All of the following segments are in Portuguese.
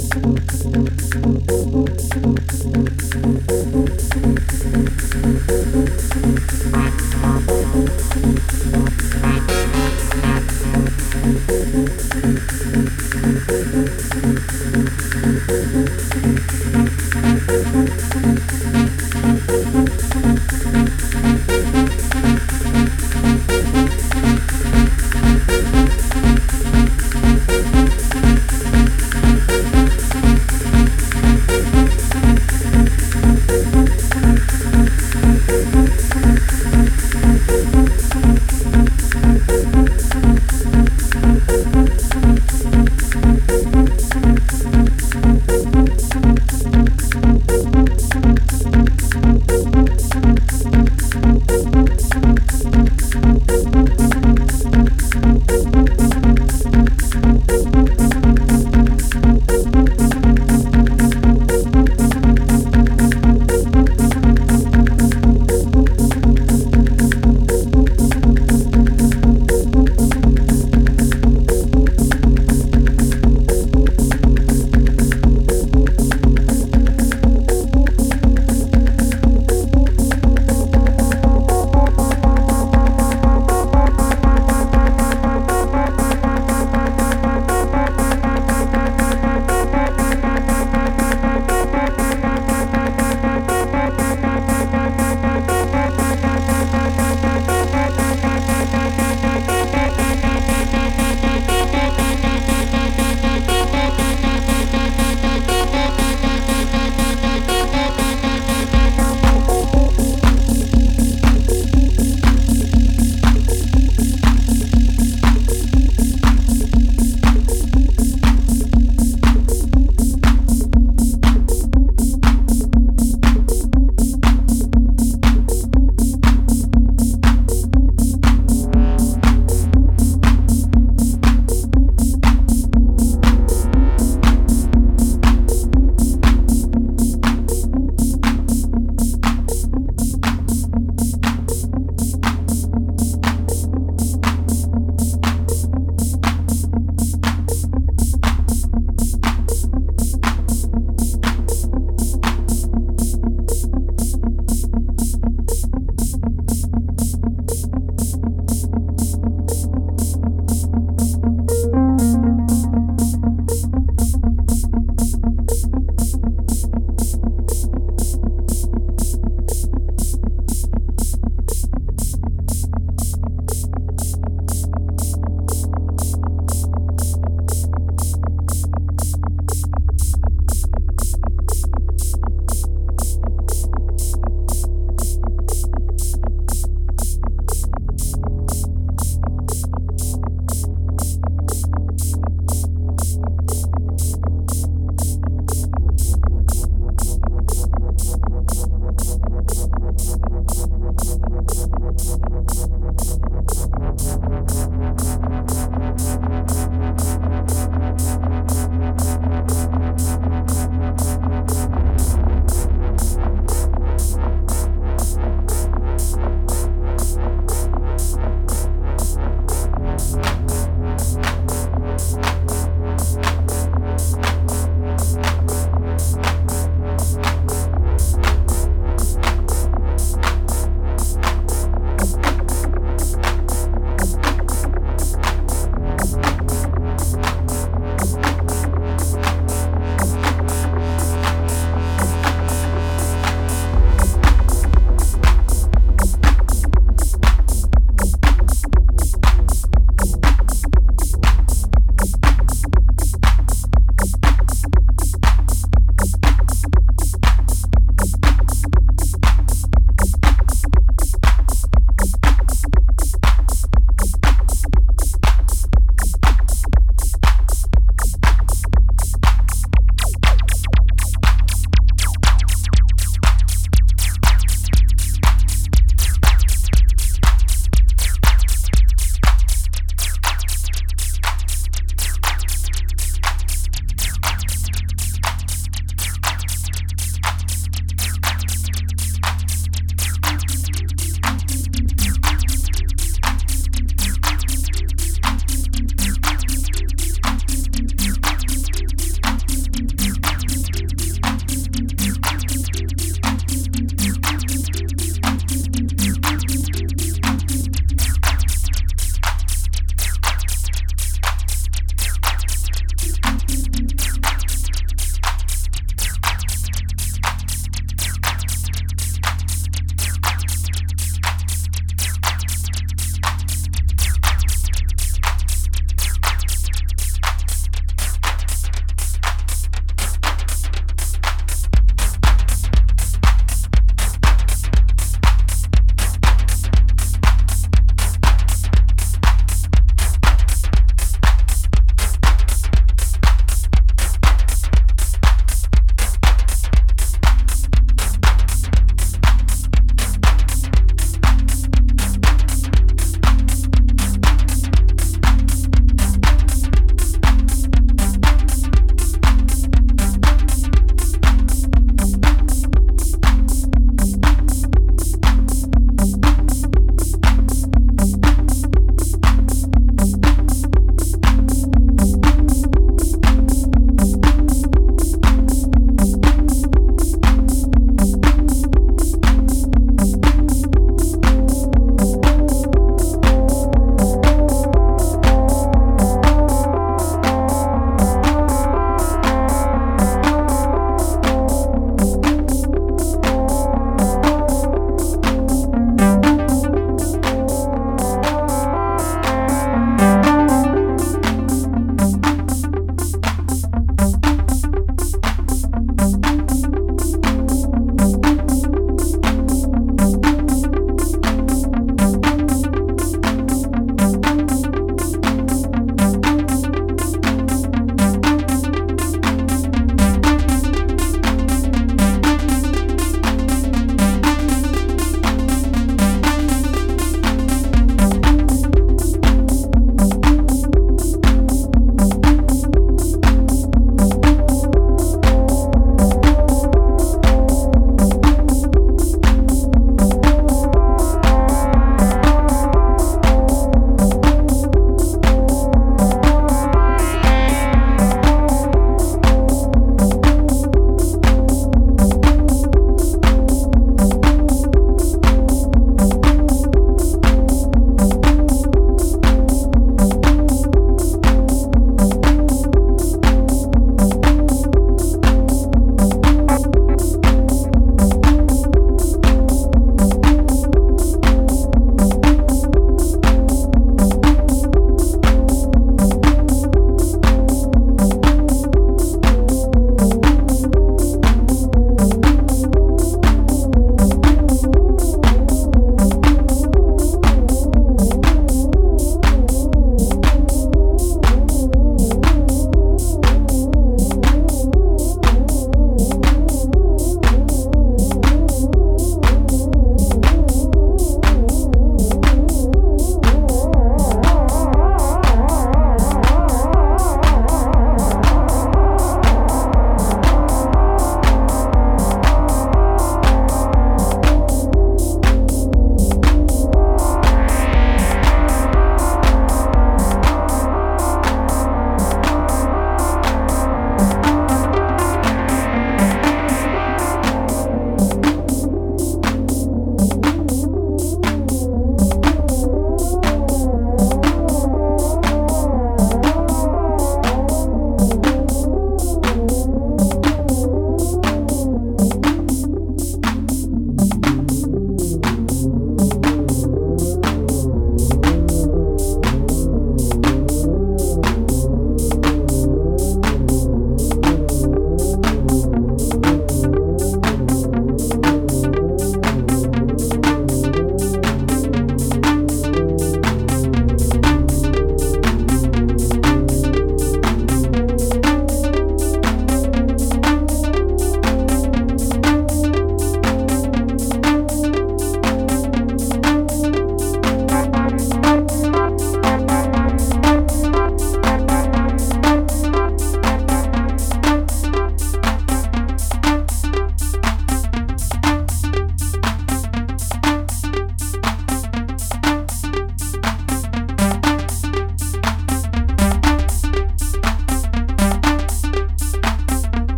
Música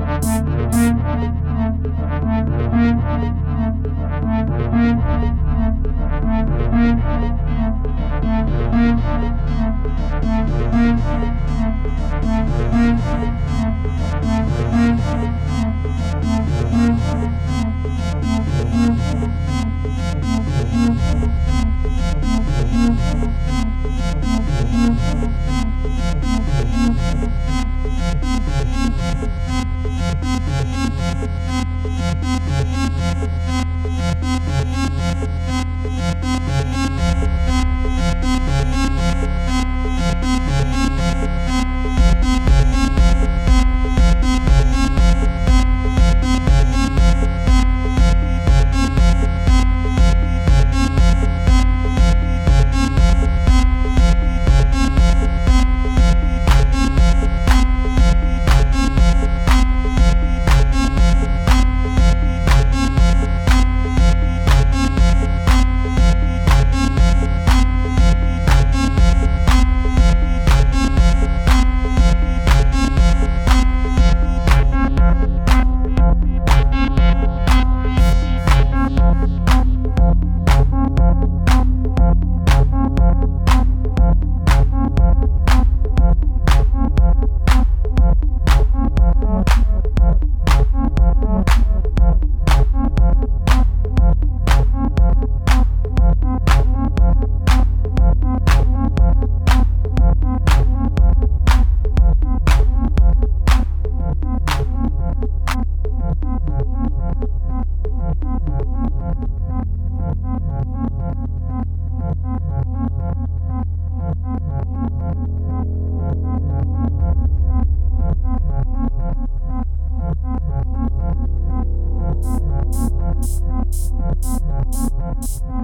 Thank you.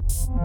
you.